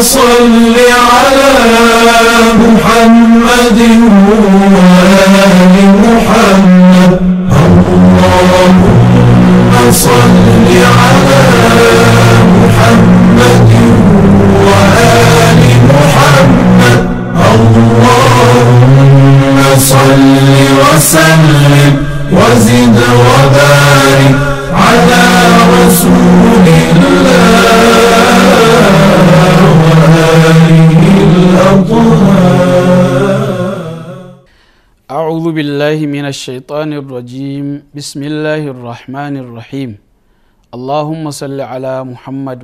صل على محمد الشيطان الرجيم بسم الله الرحمن الرحيم اللهم صل muhammad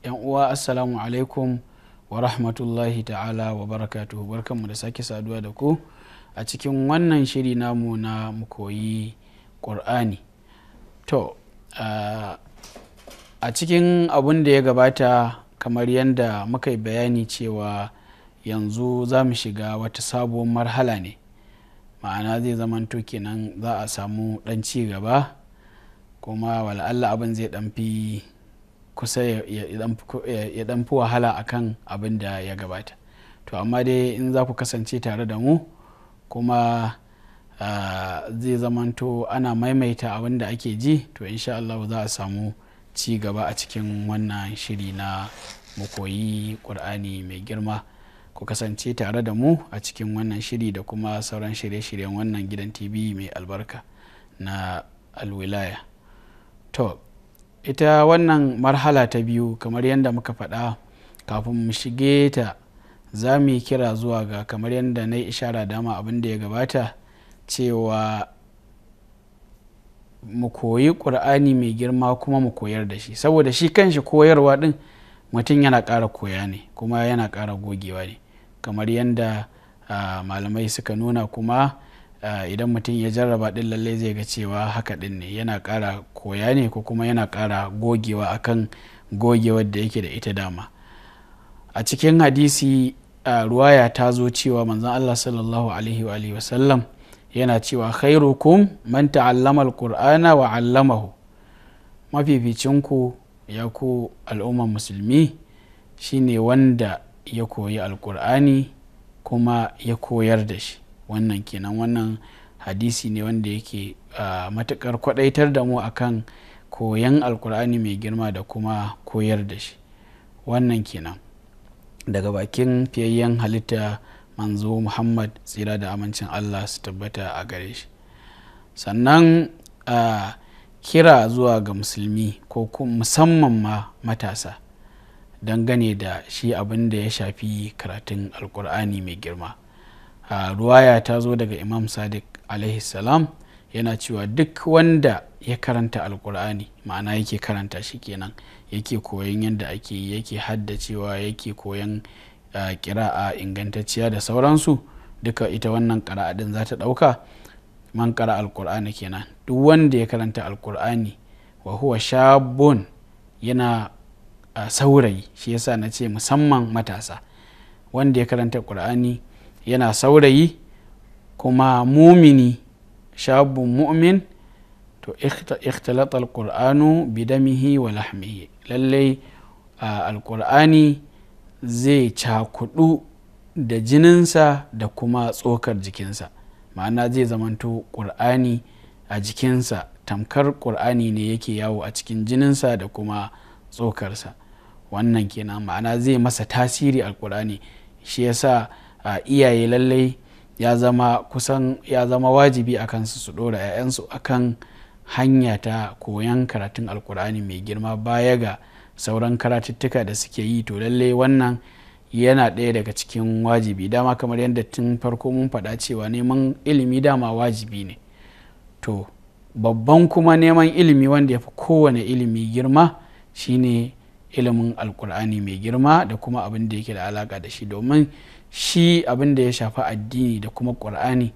yan uwa assalamu alaikum wa rahmatullahi ta'ala wa barakatuhu barkanmu da sake saduwa da ku a cikin wannan shiri namu na mukoyi ƙur'ani to a cikin abun da ya gabata kamar yadda muka yi bayani cewa yanzu zamu shiga wata sabuwar marhala ne ma'ana zai zamanto kenan za a samu dan ci gaba kuma wala'alla abin zai dan fi kusa ya dan fi wahala akan abin da ya gabata to amma dai in za ku kasance tare da mu kuma ah, zai zamanto ana maimaita abin da ake ji to insha Allah za a samu ci gaba a cikin wannan shiri na mu koyi ƙur'ani mai girma ku kasance tare da mu a cikin wannan shiri da kuma sauran shirye-shiryen wannan gidan tv mai albarka na alwilaya to ita wannan marhala ta biyu kamar yadda muka faɗa kafin mu shige ta za mu yi kira zuwa ga kamar yadda na yi ishara dama abin da ya gabata cewa mu koyi ƙur'ani mai girma kuma mu koyar da shi saboda shi kanshi koyarwa ɗin mutum yana ƙara koya ne kuma yana ƙara gogewa ne kamar yadda malamai suka nuna kuma idan mutum ya jarraba din lallai zai ga cewa haka din ne yana ƙara koya ne ko kuma yana ƙara gogewa akan gogewar da yake da ita dama a cikin hadisi ruwaya ta zo cewa manzon allah sallallahu alaihi wa wasallam yana cewa khairukum man ta'allama alqur'ana wa 'allamahu mafificinku ya ku al'umma musulmi shine wanda ya koyi alkur'ani kuma ya koyar da shi wannan kenan wannan hadisi ne wanda yake matukar kwadaitar da mu akan koyan alkur'ani mai girma da kuma koyar da shi wannan kenan daga bakin fiyayyen halitta manzo muhammad tsira da amincin allah su tabbata a gare shi sannan kira zuwa ga musulmi ko musamman ma matasa dangane da shi abin da ya shafi karatun alkur'ani mai girma ruwaya ta zo daga imam sadiq salam yana cewa duk wanda ya karanta alkur'ani ma'ana yake karanta shi kenan yake koyon yadda ake yake haddacewa yake koyon kira'a ingantacciya da sauransu duka ita wannan kara'a za ta ɗauka man kara alkur'ani kenan duk wanda ya karanta alkur'ani wa huwa shabun yana a saurayi shi yasa na ce musamman matasa wanda ya karanta ƙur'ani yana saurayi kuma mumini shabun mu'min to ikhtilata alqur'anu bidamihi wa lahmihi lallai alqur'ani zai cakudu da jininsa da kuma tsokar jikinsa ma'ana zai zamanto ƙur'ani a jikinsa tamkar ƙur'ani ne yake yawo a cikin jininsa da kuma tsokarsa wannan kenan ma'ana zai masa tasiri alkur'ani shi a iyaye lallai ya zama kusan ya zama wajibi a kansu su ɗora 'ya'yansu akan hanya ta koyan karatun alkur'ani mai girma baya ga sauran karatuttuka da suke yi to lallai wannan yana ɗaya daga cikin wajibi dama kamar yadda tun farko mun faɗa cewa neman ilimi dama wajibi ne to babban kuma neman ilimi wanda ya fi kowane ilimi girma shine ilimin alkur'ani mai girma da kuma abin da yake da alaka da shi domin shi abin da ya shafi addini da kuma ƙur'ani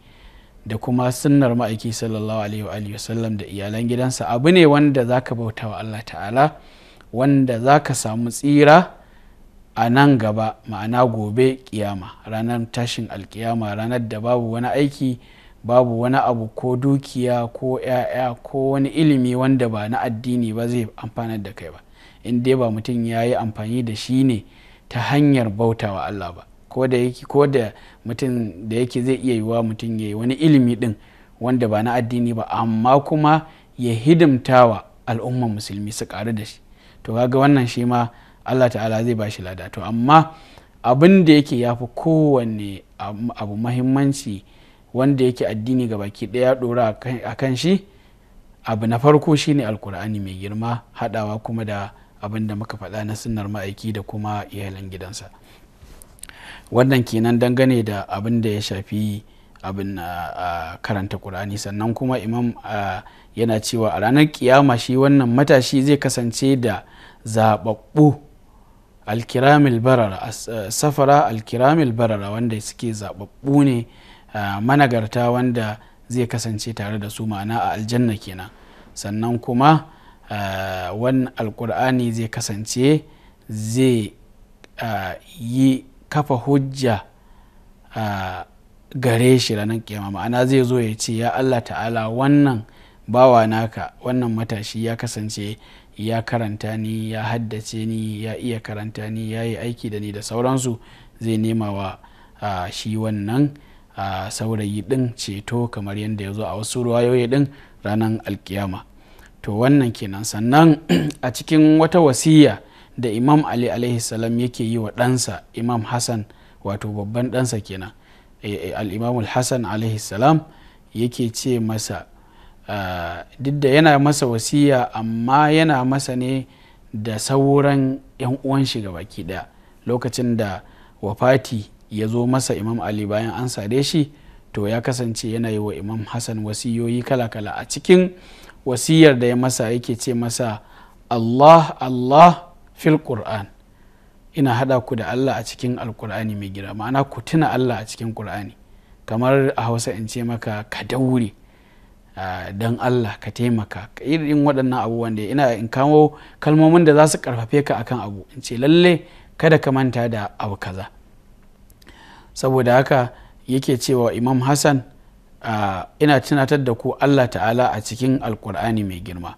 da kuma sunnar ma'aiki sallallahu alaihi wa sallam da iyalan gidansa abu ne wanda zaka ka bauta wa allah ta'ala wanda za ka samu tsira a nan gaba ma'ana gobe kiyama ranar tashin alkiyama ranar da babu wani aiki babu wani abu ko dukiya ko 'ya'ya ko wani ilimi wanda ba na addini ba zai amfanar da kai ba in dai ba mutum ya yi amfani da shi ne ta hanyar bautawa Allah ba ko da yake mutum da yake zai iya yiwa mutum ya yi wani ilimi din wanda ba na addini ba amma kuma ya hidimtawa al'umman musulmi su karu da shi to kaga wannan shi ma Allah ta'ala zai ba shi lada to amma abin da yake ya fi kowanne abu mahimmanci wanda yake addini ga baki daya ɗora a kan shi abu na farko shine alkur'ani mai girma haɗawa kuma da abin da muka faɗa na sunnar ma'aiki da kuma iyalan gidansa wannan kenan dangane da abin da ya shafi abin karanta ƙur'ani sannan kuma imam yana cewa a ranar ƙiyama shi wannan matashi zai kasance da zaɓaɓɓu alkiramil barara safara alkiramil barara wanda suke zaɓaɓɓu ne managarta wanda zai kasance tare da su ma'ana a aljanna kenan sannan kuma Eh, wani alkur'ani zai kasance zai eh, yi kafa hujja eh, gare shi ranar kiyama ma'ana zai zo ya ce ya allah ta'ala wannan bawa naka wannan matashi ya kasance ya karanta ni ya haddace ni ya iya karanta ni ya yi aiki da ni da sauransu zai nema wa shi wannan saurayi din ceto kamar yadda ya zo a wasu ruwayoyi din ranar alkiyama to wannan kenan sannan a cikin wata wasiya da imam ali alaihi salam yake yi wa ɗansa imam hassan wato babban ɗansa kenan eh, eh, al'imamul hassan alaihi salam yake ce masa ah, duk da yana masa wasiya amma yana masa ne da sauran 'yan uwan shi baki ɗaya lokacin da wafati ya zo masa imam ali bayan an sare shi to ya kasance yana yi wa imam hassan wasiyoyi kala-kala a cikin wasiyar da ya masa yake ce masa allah allah fil qur'an ina hada ku da allah a cikin alkur'ani mai gida ma'ana ku tuna allah a cikin qur'ani kamar a hausa in ce maka ka daure don allah ka taimaka ka irin waɗannan abubuwan da ina in kamo kalmomin da za su karfafe ka akan abu in ce lalle kada ka manta da abu kaza saboda haka yake cewa imam hassan ina tunatar da ku allah ta'ala a cikin alkur'ani mai girma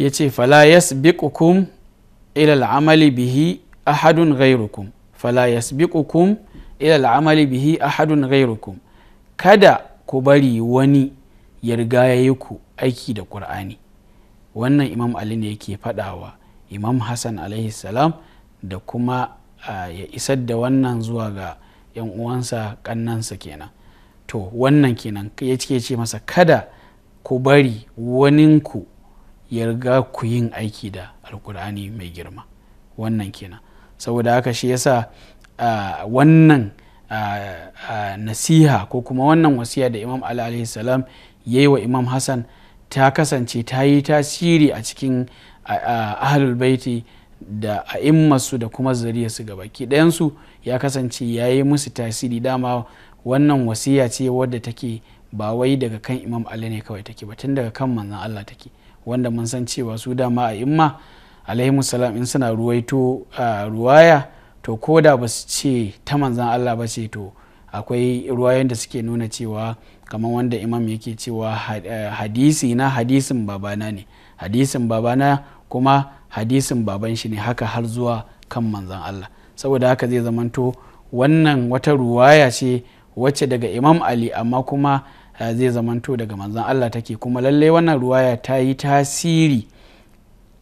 ya ce fala yasbiqukum ilal amali bihi ahadun ghairukum fala yasbiqukum ilal amali bihi ahadun ghairukum kada ku bari wani ya ya yi ku aiki da ƙur'ani wannan imam ali ne yake faɗawa imam hassan alaihi salam da kuma ya isar da wannan zuwa ga 'yan uwansa kannansa kenan to wannan kenan ya ce ce masa kada ku bari waninku ya riga ku yin aiki da alkur'ani mai girma wannan kenan saboda haka shi yasa wannan nasiha ko kuma wannan wasiya da imam ali salam ya yi wa imam hassan ta kasance ta yi tasiri a cikin ahlul baiti da a'immarsu da kuma zariya su gabaki ɗayansu ya kasance ya yi musu tasiri dama wannan wasiya ce wadda take ba wai daga kan imam ali ne kawai take ba tun daga kan manzan allah take wanda mun san cewa su dama a imma alaihi salam in suna ruwaito ruwaya to ko da ba su ce ta manzan allah ba ce to akwai ruwayan da suke nuna cewa kamar wanda imam yake cewa eh, hadisi na hadisin babana ne hadisin babana kuma hadisin baban shi ne haka har zuwa kan manzan allah saboda haka zai zamanto wannan wata ruwaya ce wacce daga imam ali amma kuma eh, zai zamanto daga manzan allah take kuma lalle wannan ruwaya ta yi tasiri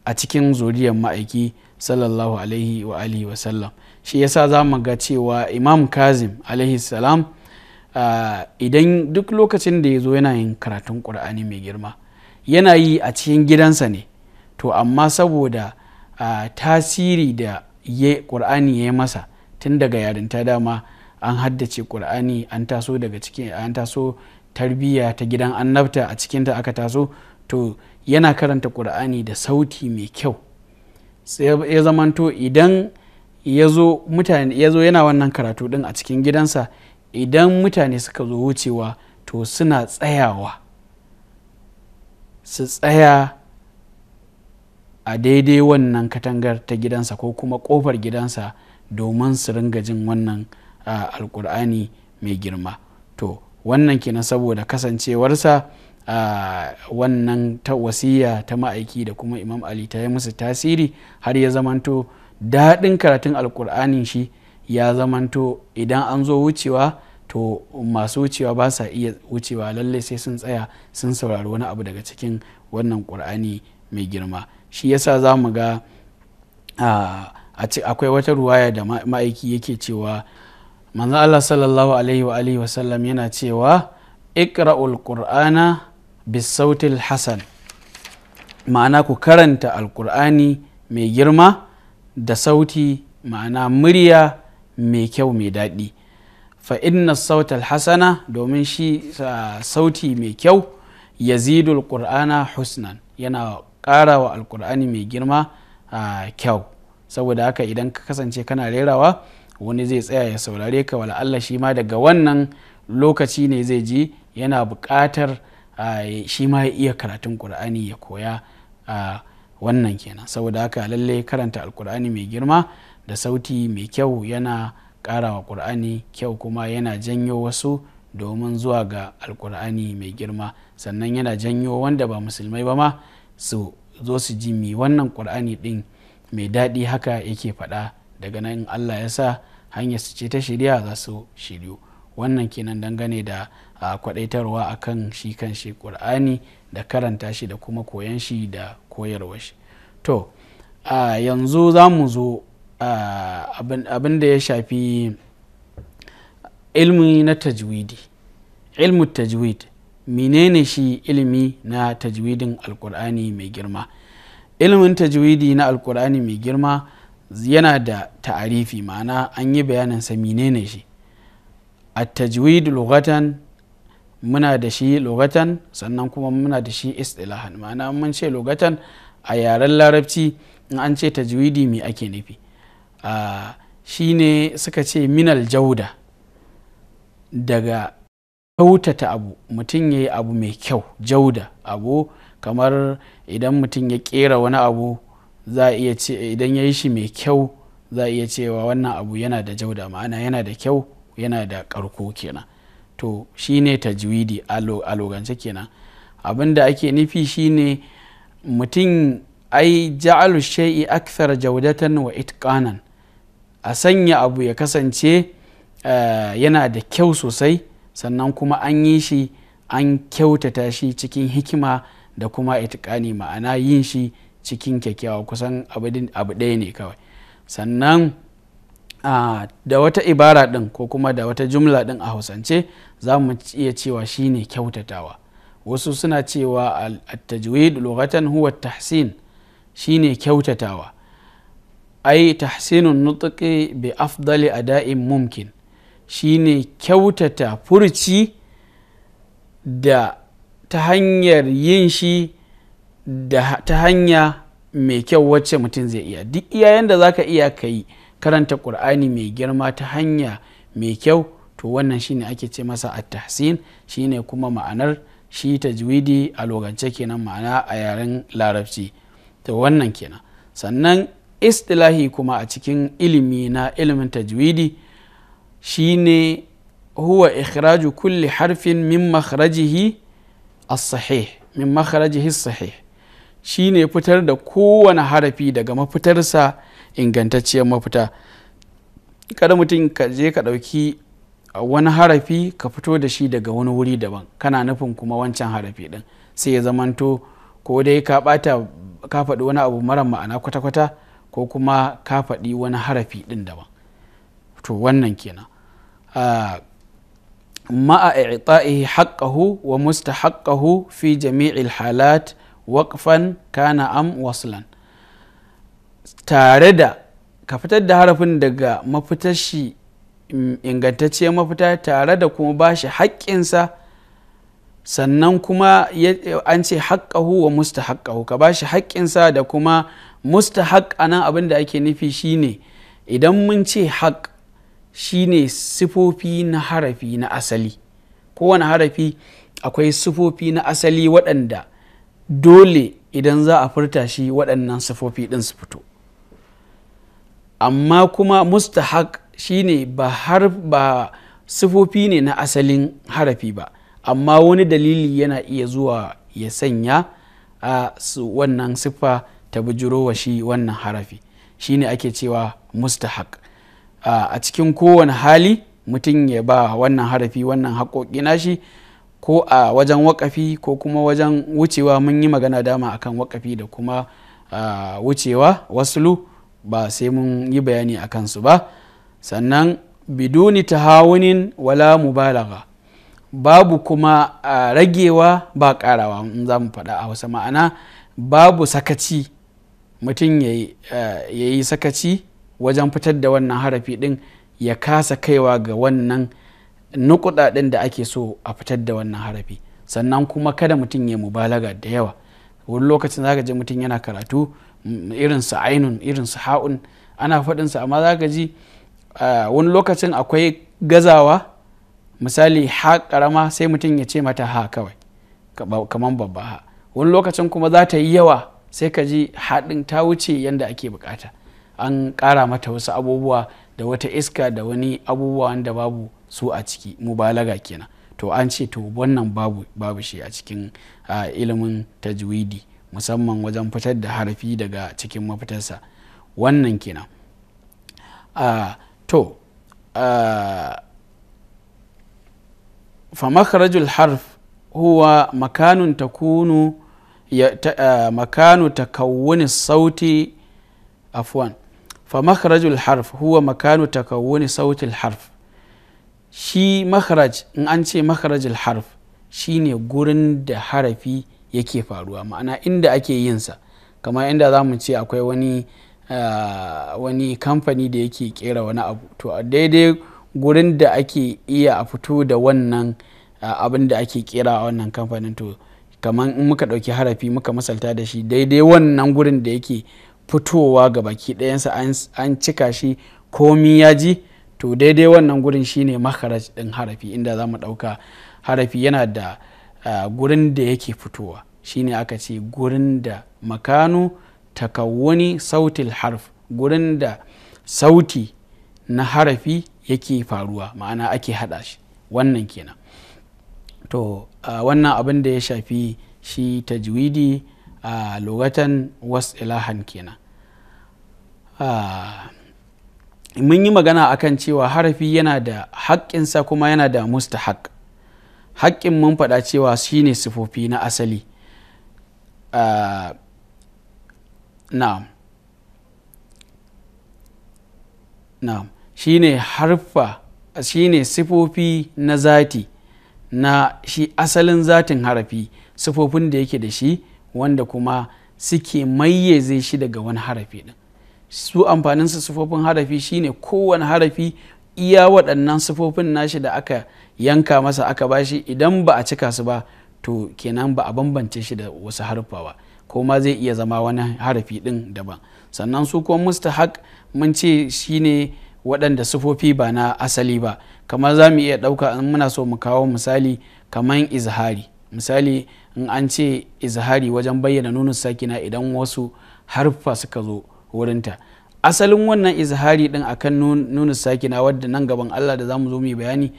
a cikin zuriyar ma'aiki sallallahu alaihi wa alihi wa sallam shi yasa za mu ga cewa imam kazim alaihi salam eh, idan duk lokacin da ya zo yana yin karatun ƙur'ani mai girma yana yi a cikin gidansa ne to amma saboda eh, tasiri da ƙur'ani ya yi masa tun daga yarinta dama an haddace qur'ani an taso daga cikin an taso tarbiyya ta gidan annabta a cikinta aka taso to yana karanta qur'ani da sauti mai kyau sai ya zamanto idan ya zo yana wannan karatu din a cikin gidansa idan mutane suka zo wucewa to suna tsayawa su tsaya a daidai wannan katangar ta gidansa ko kuma kofar gidansa domin su ringa jin wannan a alkur'ani mai girma to wannan kenan saboda kasancewarsa a wannan ta wasiya ta ma'aiki da kuma imam ali ta yi musu tasiri har ya zamanto daɗin karatun alkur'anin shi ya zamanto idan an zo wucewa to masu wucewa ba sa iya wucewa lallai sai sun tsaya sun saurari wani abu daga cikin wannan ƙur'ani mai girma shi yasa za mu ga akwai wata ruwaya da ma'aiki yake cewa manzo Allah sallallahu alaihi wa alihi yana cewa ikra'ul qur'ana bisautil hasan ma'ana ku karanta alqur'ani mai girma da sauti ma'ana murya mai kyau mai daɗi fa inna sautal hasana domin shi sauti mai kyau yazidul qur'ana husnan yana ƙara wa mai girma ah, kyau saboda haka idan ka kasance kana rerawa wani zai tsaya ya saurare ka wala Allah shi ma daga wannan lokaci ne zai ji yana buƙatar shi ma ya iya karatun ƙur'ani ya koya a wannan kenan saboda haka lalle karanta alƙur'ani mai girma da sauti mai kyau yana ƙarawa ƙur'ani kyau kuma yana janyo wasu domin zuwa ga alƙur'ani mai girma sannan yana janyo wanda ba musulmai ba ma su zo su ji mi wannan ƙur'ani ɗin mai daɗi haka yake faɗa daga nan allah ya sa hanyar su ce ta shirya za su shiryu wannan kenan dangane da kwadaitarwa a kan shi kan shi ƙur'ani da karanta shi da kuma koyan shi da koyarwa shi to a yanzu za mu zo abin da ya shafi ilmi na tajwidi ilmu tajwid menene shi ilimi na tajwidin alkur'ani mai girma ilmin tajwidi na alkur'ani mai girma yana da ta'arifi ma'ana an yi bayanin sa menene shi a tajwid lughatan muna da shi logatan sannan kuma muna da shi istilahan ma'ana mun ce logatan a yaren larabci in an ce tajwidi me ake nufi shi ne suka ce minal jauda daga kyautata abu mutum ya yi abu mai kyau jauda abu kamar idan mutum ya kera wani abu za a iya ce idan ya yi shi mai kyau za a iya cewa wannan abu yana da jau da ma'ana yana da kyau yana da karko kenan to shi shine tajwidi a logance kenan abin da ake nufi shi ne mutum ai ja'alu shai'i akthar jaudatan wa itqanan a sanya abu ya kasance eh, yana da kyau sosai sannan kuma an yi shi an kyautata shi cikin hikima da kuma itikani ma'ana yin shi cikin kyakkyawa kusan abu ɗaya ne kawai sannan da wata ibara ɗin ko kuma da wata jumla ɗin a hausance za mu iya cewa shine kyautatawa wasu suna cewa at-tajwid lughatan huwa tahsin shine kyautatawa ai tahsinun nutuƙi bi afdali da'in mumkin shine kyautata furci da ta hanyar yin shi da ta hanya mai kyau wacce mutum zai iya duk iyayen da zaka iya ka yi karanta ƙur'ani mai girma ta hanya mai kyau to wannan shine ake ce masa a tahsin shine kuma ma'anar shi tajwidi a logance kenan ma'ana a yaren larabci to wannan kenan sannan istilahi kuma a cikin ilimi na ilimin tajwidi shine huwa ikhraju kulli harfin min makhrajihi as min makhrajihi sahih shine fitar da kowane harafi daga mafitarsa ingantacciyar mafita kada mutum ka je ka ɗauki wani harafi ka fito da shi daga wani wuri daban kana nufin kuma wancan harafi ɗin sai ya zamanto ko dai ka ɓata ka faɗi wani abu mara ma'ana kwata-kwata ko kuma ka faɗi wani harafi ɗin daban to wannan kenan ah, ma'a i'ta'ihi haqqahu wa mustahaqqahu fi jami'il halat waƙfan kana am waslan tare da ka fitar da harafin daga mafitar shi mm, ingantacciyar mafita tare da kuma ba shi haƙƙinsa sannan kuma an ce haƙƙahu wa haƙƙahu ka ba shi haƙƙinsa da kuma mustahaƙ a nan abin da ake nufi shine idan mun ce haƙ shine sifofi na harafi na asali kowane harafi akwai sifofi na asali waɗanda dole idan za a furta shi waɗannan sufofi ɗin su fito amma kuma mustahak shine ba har ba sufofi ne na asalin harafi ba amma wani dalili yana iya zuwa ya sanya a wannan siffa ta wa shi wannan harafi shine ake cewa mustahak a cikin kowane hali mutum ya ba wannan harafi wannan haƙoƙi nashi shi ko a wajen wakafi ko kuma wajen wucewa mun yi magana dama akan wakafi da kuma wucewa wasulu ba sai mun yi bayani a kansu ba sannan biduni tahawunin wala mubalagha babu kuma ragewa ba karawa in za mu faɗa a wasu ma'ana babu sakaci mutum ya yi sakaci wajen fitar da wannan harafi ɗin ya kasa kaiwa ga wannan na kudaden da ake so a fitar da wannan harafi sannan kuma kada mutum ya mubalaga da yawa wani lokacin zaka ji mutum yana karatu mm, irin su ainun irin su ha'un ana faɗin sa amma zaka ji wani lokacin akwai gazawa misali ha karama sai mutum ya ce mata ha kawai kamar babba ha wani lokacin kuma za ta yi yawa sai ka ji haɗin ta wuce yadda ake bukata an ƙara mata wasu abubuwa da wata iska da wani abubuwa wanda babu su a ciki mubalaga kenan to an ce to wannan babu babu shi a cikin ilimin tajwidi musamman wajen fitar da harfi daga cikin mafitarsa wannan kenan to famakharajul harf huwa makanun kunu makanu takawuni sauti afwan famakharajul harf huwa makanu kawuni sauti harf shi makaraj in an ce makarajil harf shine gurin da harafi yake faruwa ma'ana inda ake yinsa kamar inda za mu ce akwai wani ah, wani kamfani da yake kera wani abu to daidai gurin da ake iya a fito da wannan uh, abin da ake kera a wannan kamfanin to kamar in muka ɗauki harafi muka masalta da shi daidai wannan gurin da yake fitowa ga baki ɗayansa an cika shi komi ya ji to daidai wannan gurin shine makaraj din harafi inda za mu ɗauka harafi yana da gurin da yake fitowa shine aka ce gurin da makanu takawuni sautil harf gurin da sauti na harafi yake faruwa ma'ana ake haɗa shi wannan kenan to wannan abin da ya shafi shi tajwidi a lugatan was ilahan kenan mun yi magana akan cewa harafi yana da haƙƙinsa kuma yana da mustahak haƙƙin mun faɗa cewa shine sifofi na asali uh, harfa ne sufofi na zati na shi asalin zatin harafi sifofin da yake da shi wanda kuma suke mayyaze shi daga wani harafi ɗin su amfanin su sufofin harafi shine kowane harafi iya waɗannan sufofin nashi da aka yanka masa aka bashi idan ba a cika su ba to kenan ba a bambance shi da wasu haruffa ba ko ma zai iya zama wani harafi ɗin daban sannan su kuma mustahak mun ce shine waɗanda sufofi ba na asali ba kamar za mu iya ɗauka in muna so mu kawo misali kamar izhari misali in an ce izhari wajen bayyana nunin sakina idan wasu haruffa suka zo wurinta asalin wannan izhari din akan nuna sakina wadda nan gaban Allah da zamu zo mu bayani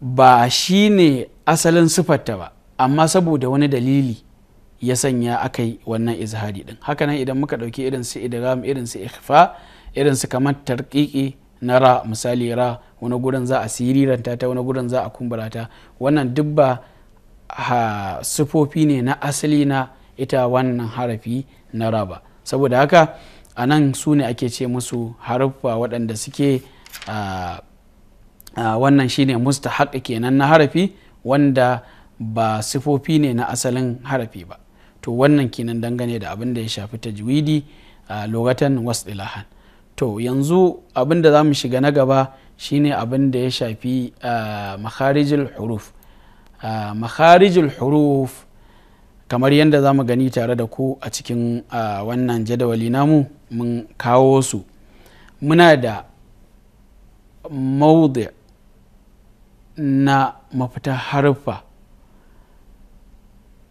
ba shi ne asalin sifarta ba amma saboda wani dalili ya sanya aka yi wannan izhari din hakanan idan muka ɗauki irin su idgham irin su ikhfa irin su kamar tarqiqi na ra misali ra wani gurin za a siriranta ta wani gurin za a kumbura wannan duk ba sifofi ne na asali na ita wannan harafi na ra ba saboda haka a nan su ne ake ce musu haruffa waɗanda suke wannan shine musta mustahaq kenan na harafi wanda ba sifofi ne na asalin harafi ba to wannan kenan dangane da abin da ya shafi tajwidi a logatan wasdilahan to yanzu abin da za mu shiga na gaba shine abin da ya shafi makharijul huruf makharijul huruf kamar yadda za mu gani tare da ku a cikin wannan jadawali namu mun kawo su muna da maudu na mafita harfa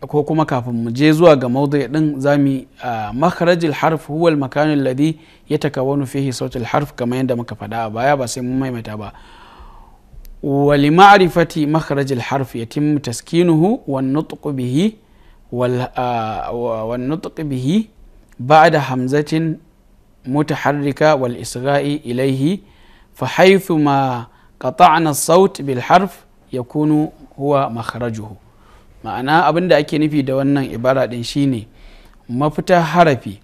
ko kuma kafin mu je zuwa ga maudu din za mu makarajil harf huwal makanin ladi ya taka wani fihi sautil harf kamar yadda muka faɗa a baya ba sai mun maimaita ba wali ma'arifati ولمعرفة ya tim taskinuhu wani والنطق bihi. والنطق به بعد همزة متحركة والإصغاء إليه فحيث ما قطعنا الصوت بالحرف يكون هو مخرجه ma'ana abin da ake nufi da wannan ibara din shine mafita harafi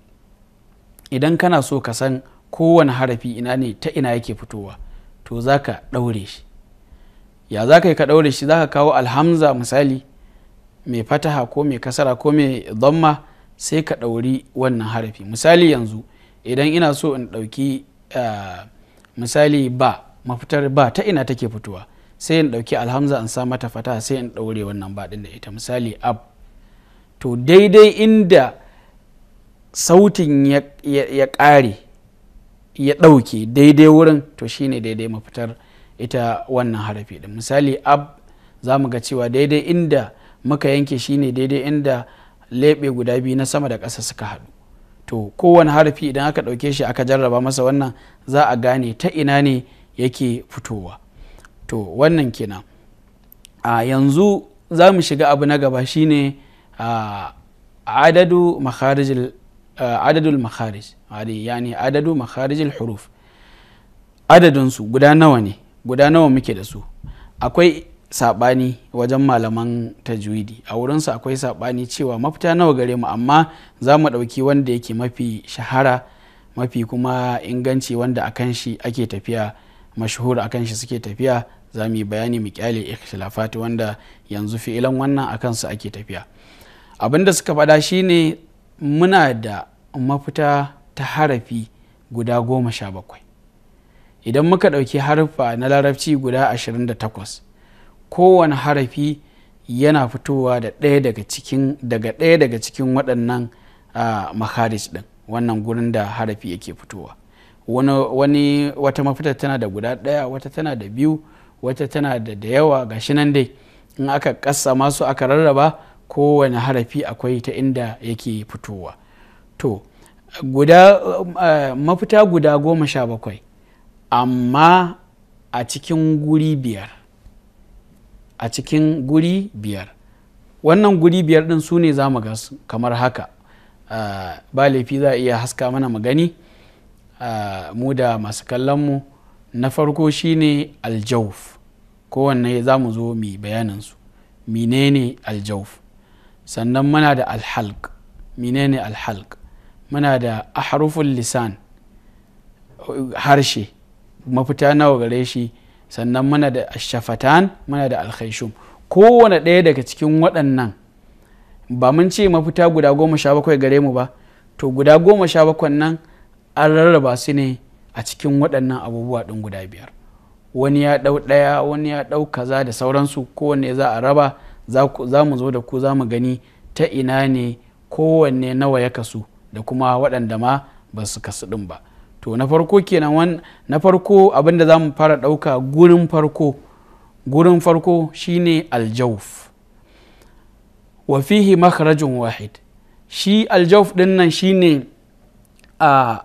idan kana so ka san kowane harafi ina ne ta ina yake fitowa to za ka ɗaure shi ya za ka yi ka ɗaure shi za ka kawo alhamza misali mai fataha ko mai kasara ko mai dhamma sai ka ɗauri wannan harafi misali yanzu idan ina so in ɗauki eh, misali ba mafitar ba ta ina take fitowa sai in ɗauki alhamza in sa mata fataha sai in ɗaure wannan ba ɗin da ita misali ab to daidai inda sautin ya ƙare ya ɗauke daidai wurin to shine daidai mafitar ita wannan harafi ɗin misali ab za mu ga cewa daidai inda muka yanke shine daidai inda leɓe guda biyu na sama da ƙasa suka haɗu to kowane harafi idan aka ɗauke shi aka jarraba masa wannan za a gane ta ina ne yake fitowa to wannan kenan a yanzu za mu shiga abu na gaba shine a adadu adadu makharijil huruf adadinsu guda nawa ne guda nawa muke da su akwai saɓani wajen malaman tajwidi a wurinsu akwai saɓani cewa mafita nawa gare mu amma za mu ɗauki wanda yake mafi shahara mafi kuma inganci wanda kan shi ake tafiya a kan shi suke tafiya za mu yi bayani mu kyale ikhtilafati wanda yanzu fi'ilan wannan a kansu ake tafiya abin da suka faɗa shine muna da mafita ta harafi guda goma sha bakwai idan muka ɗauki harfa na larabci guda ashirin da takwas kowane harafi yana fitowa da ɗaya daga cikin daga ɗaya daga cikin waɗannan makarij ɗin wannan gurin da harafi yake fitowa wani wata mafita tana da guda ɗaya wata tana da biyu wata tana da da yawa shi nan dai in aka ƙasa masu aka rarraba kowane harafi akwai ta inda yake fitowa to guda mafita guda goma sha bakwai amma a cikin guri biyar a cikin guri biyar wannan guri biyar din su ne za mu ga kamar haka ah, ba laifi za a iya haska mana magani ah, mu da masu kallonmu na farko shine aljauf kowanne za mu zo mai bayaninsu menene aljauf sannan muna da alhalk menene alhalk muna da ahruful lisan harshe mafita nawa gare shi sannan muna da ashafatan muna da alkhaishum kowane ɗaya daga cikin waɗannan ba mun ce mafita guda goma sha bakwai gare mu ba to guda goma sha bakwai nan an rarraba su ne a cikin waɗannan abubuwa ɗin guda biyar wani ya ɗau ɗaya wani ya ɗau kaza da sauransu kowanne za a raba za mu zo da ku za mu gani ta ina ne kowanne nawa ya kasu da kuma waɗanda ma ba su kasu ɗin ba to na farko kenan wan na farko abinda za fara ɗauka gurin farko gurin farko shine aljauf wa fihi makharajun wahid shi aljauf din nan shine a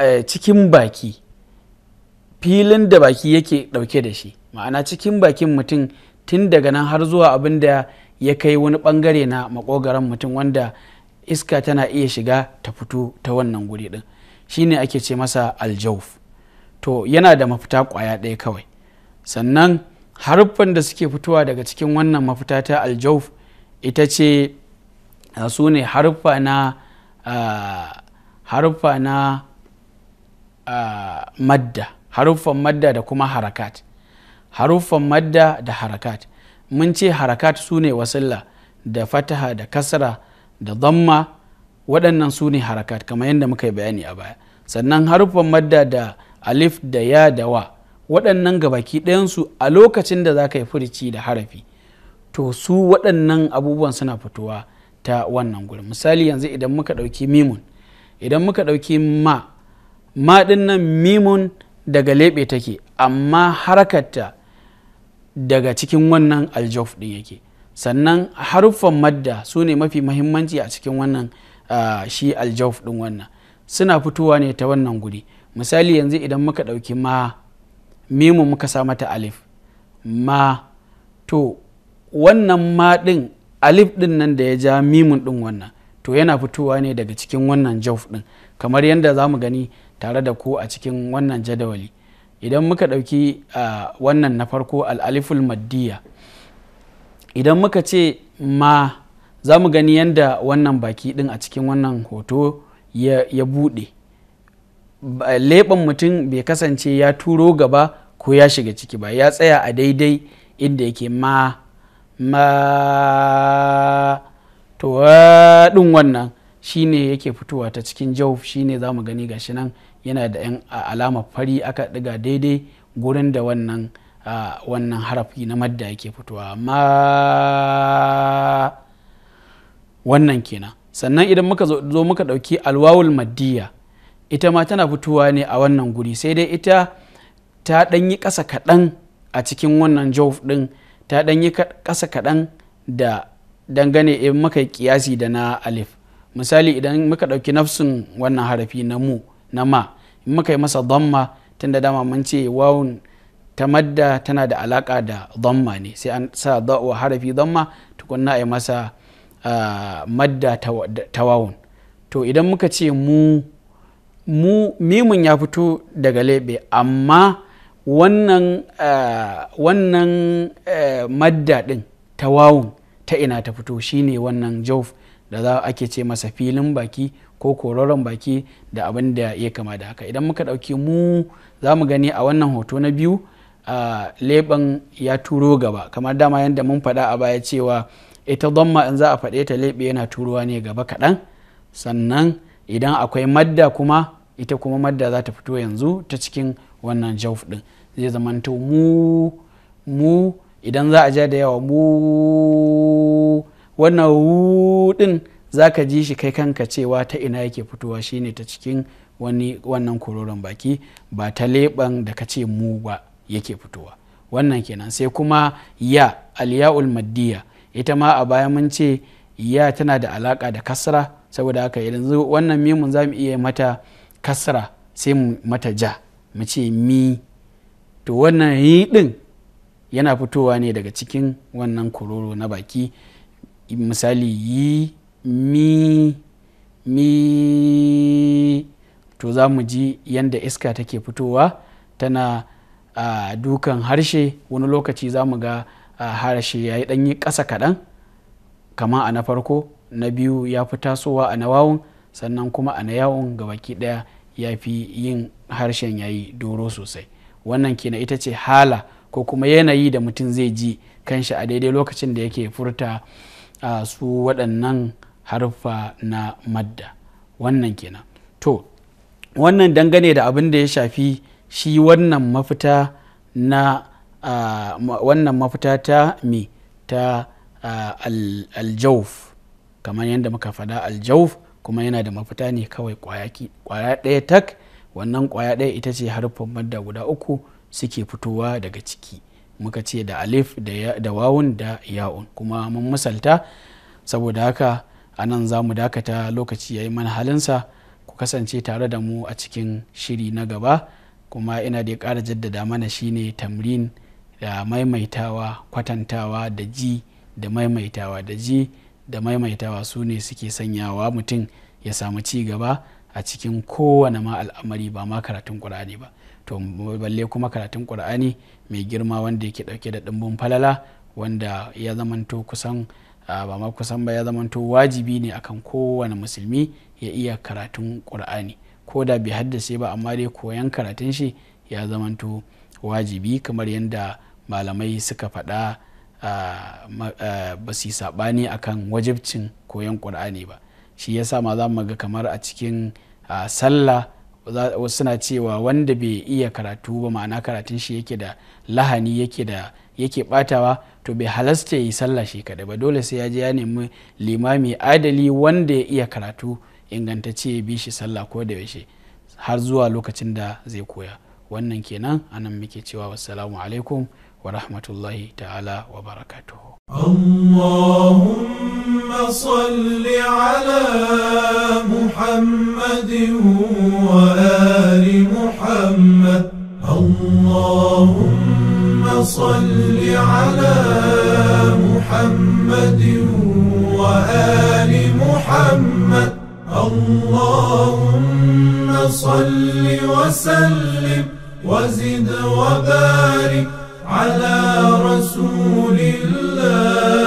eh, cikin baki filin da baki yake ɗauke da shi ma'ana cikin bakin mutum tun daga nan har zuwa abin da ya kai wani bangare na makogaran mutum wanda iska tana iya shiga ta fito ta wannan guri din shine ake ce masa aljauf to yana da mafita kwaya ɗaya kawai sannan haruffan da suke fitowa daga cikin wannan mafita ta aljauf ita ce su ne haruffa na madda haruffan madda da kuma harakat haruffan madda da harakat mun ce harakat su ne wasilla da fataha da kasra da zamma. waɗannan su ne harakat kamar yadda muka yi bayani a baya sannan haruffan madda da alif da ya da wa waɗannan gabaki ɗayansu a lokacin da za ka yi furici da harafi to su waɗannan abubuwan suna fitowa ta wannan guri misali yanzu idan muka ɗauki mimun idan muka ɗauki ma ma nan mimun daga leɓe take amma harakarta daga cikin wannan aljof ɗin yake sannan haruffan madda su ne mafi mahimmanci a cikin wannan shi aljauf ɗin wannan suna fitowa ne ta wannan guri misali yanzu idan muka ɗauki ma mimu muka sa mata alif ma to wannan ma ɗin alif ɗin nan da ya ja mimun ɗin wannan to yana fitowa ne daga cikin wannan jauf ɗin kamar yadda za mu gani tare da ko a cikin wannan jadawali idan muka ɗauki wannan na farko al'aliful maddiya idan muka ce ma za mu gani yadda wannan baki din a cikin wannan hoto ya buɗe leɓen mutum bai kasance ya turo gaba ko ya shiga ciki ba ya tsaya a daidai inda yake ma ma to ɗin wannan shine yake fitowa ta cikin jau shine za mu gani gashi nan yana da yan alama fari aka ɗiga daidai gurin da wannan wannan harafi na madda yake fitowa ma wannan kenan sannan idan muka zo muka ɗauki alwawul maddiya ita ma tana fitowa ne a wannan guri sai dai ita ta ɗan yi ƙasa kaɗan a cikin wannan jauf ɗin ta ɗan yi ƙasa kaɗan da dangane in eh, muka yi kiyasi da na alif misali idan muka ɗauki nafsin wannan harafi na mu na ma in muka yi masa dhamma tun da dama mun ce wawun ta madda tana da alaƙa da dhamma ne sai an sa wa harafi dhamma tukunna a yi masa madda tawawun to idan muka ce mu mu mimun ya fito daga lebe amma wannan wannan madda din tawawun ta ina ta fito shine wannan jauf da za ake ce masa filin baki ko kororon baki da abin da ya kama da haka idan muka ɗauki mu za mu gani a wannan hoto na biyu leban ya turo gaba kamar dama yadda mun faɗa a baya cewa ita zomma in za a faɗe ta leɓe yana turuwa ne gaba kaɗan sannan idan akwai madda kuma ita kuma madda za ta fito yanzu ta cikin wannan jauf ɗin zai zamanto mu mu idan za a ja da yawa mu wannan wu ɗin za ka ji shi kai kanka cewa ta ina yake fitowa shine ta cikin wani wannan kororon baki ba ta leɓen da ka ce mu ba yake fitowa wannan kenan sai kuma ya aliyaul maddiya ita ma a baya mun ce ya tana da alaka da kasra saboda haka yanzu wannan mimun za mu iya mata kasra sai mu mata ja mu ce mi to wannan yi din yana fitowa ne daga cikin wannan kororo na baki misali yi mi mi to za mu ji yadda iska take fitowa tana a ah, dukan harshe wani lokaci za mu ga a harshe ya yi ɗanyi ƙasa kaɗan kama a na farko na biyu ya fi tasowa a na wawun sannan kuma a na yawon baki ɗaya ya fi yin harshen ya yi doro sosai wannan kenan ita ce hala ko kuma yanayi da mutum zai ji kanshi a daidai lokacin da yake furta su waɗannan harfa na madda wannan kenan to wannan dangane da abin da ya shafi shi wannan mafita na wannan mafita ta mi ta aljauf kamar yadda muka faɗa aljauf kuma yana da mafita ne kawai kwaya ɗaya tak wannan kwaya ɗaya ita ce harfin madda guda uku suke fitowa daga ciki muka ce da alif da wawun da ya'un kuma mun musalta saboda haka a nan za mu dakata lokaci ya yi mana halinsa ku kasance tare da mu a cikin shiri na gaba kuma ina da ya ƙara jaddada mana shine tamrin da maimaitawa kwatantawa da ji da maimaitawa da ji da maimaitawa su ne suke sanyawa mutum ya samu ci gaba a cikin kowane ma al'amari ba ma karatun ƙur'ani ba to balle kuma karatun ƙur'ani mai girma wanda yake ɗauke da ɗimbin falala wanda ya zamanto kusan ba ma kusan ba ya zamanto wajibi ne akan kowane musulmi ya iya karatun ƙur'ani ko da bai haddace ba amma dai koyan karatun shi ya zamanto wajibi kamar yadda malamai suka faɗa ba su saɓani akan wajibcin koyon ƙur'ani ba shi ya sa ma za mu ga kamar a cikin sallah suna cewa wanda bai iya karatu ba ma'ana karatun shi yake da lahani yake da yake batawa to bai halasta yi sallah shi kadai ba dole sai ya je ya nemi limami adali wanda ya iya karatu ingantacce ya bi shi sallah ko da yaushe har zuwa lokacin da zai koya wannan kenan anan muke cewa wassalamu alaikum ورحمة الله تعالى وبركاته اللهم صل على محمد وآل محمد اللهم صل على محمد وآل محمد اللهم صل وسلم وزد وبارك على رسول الله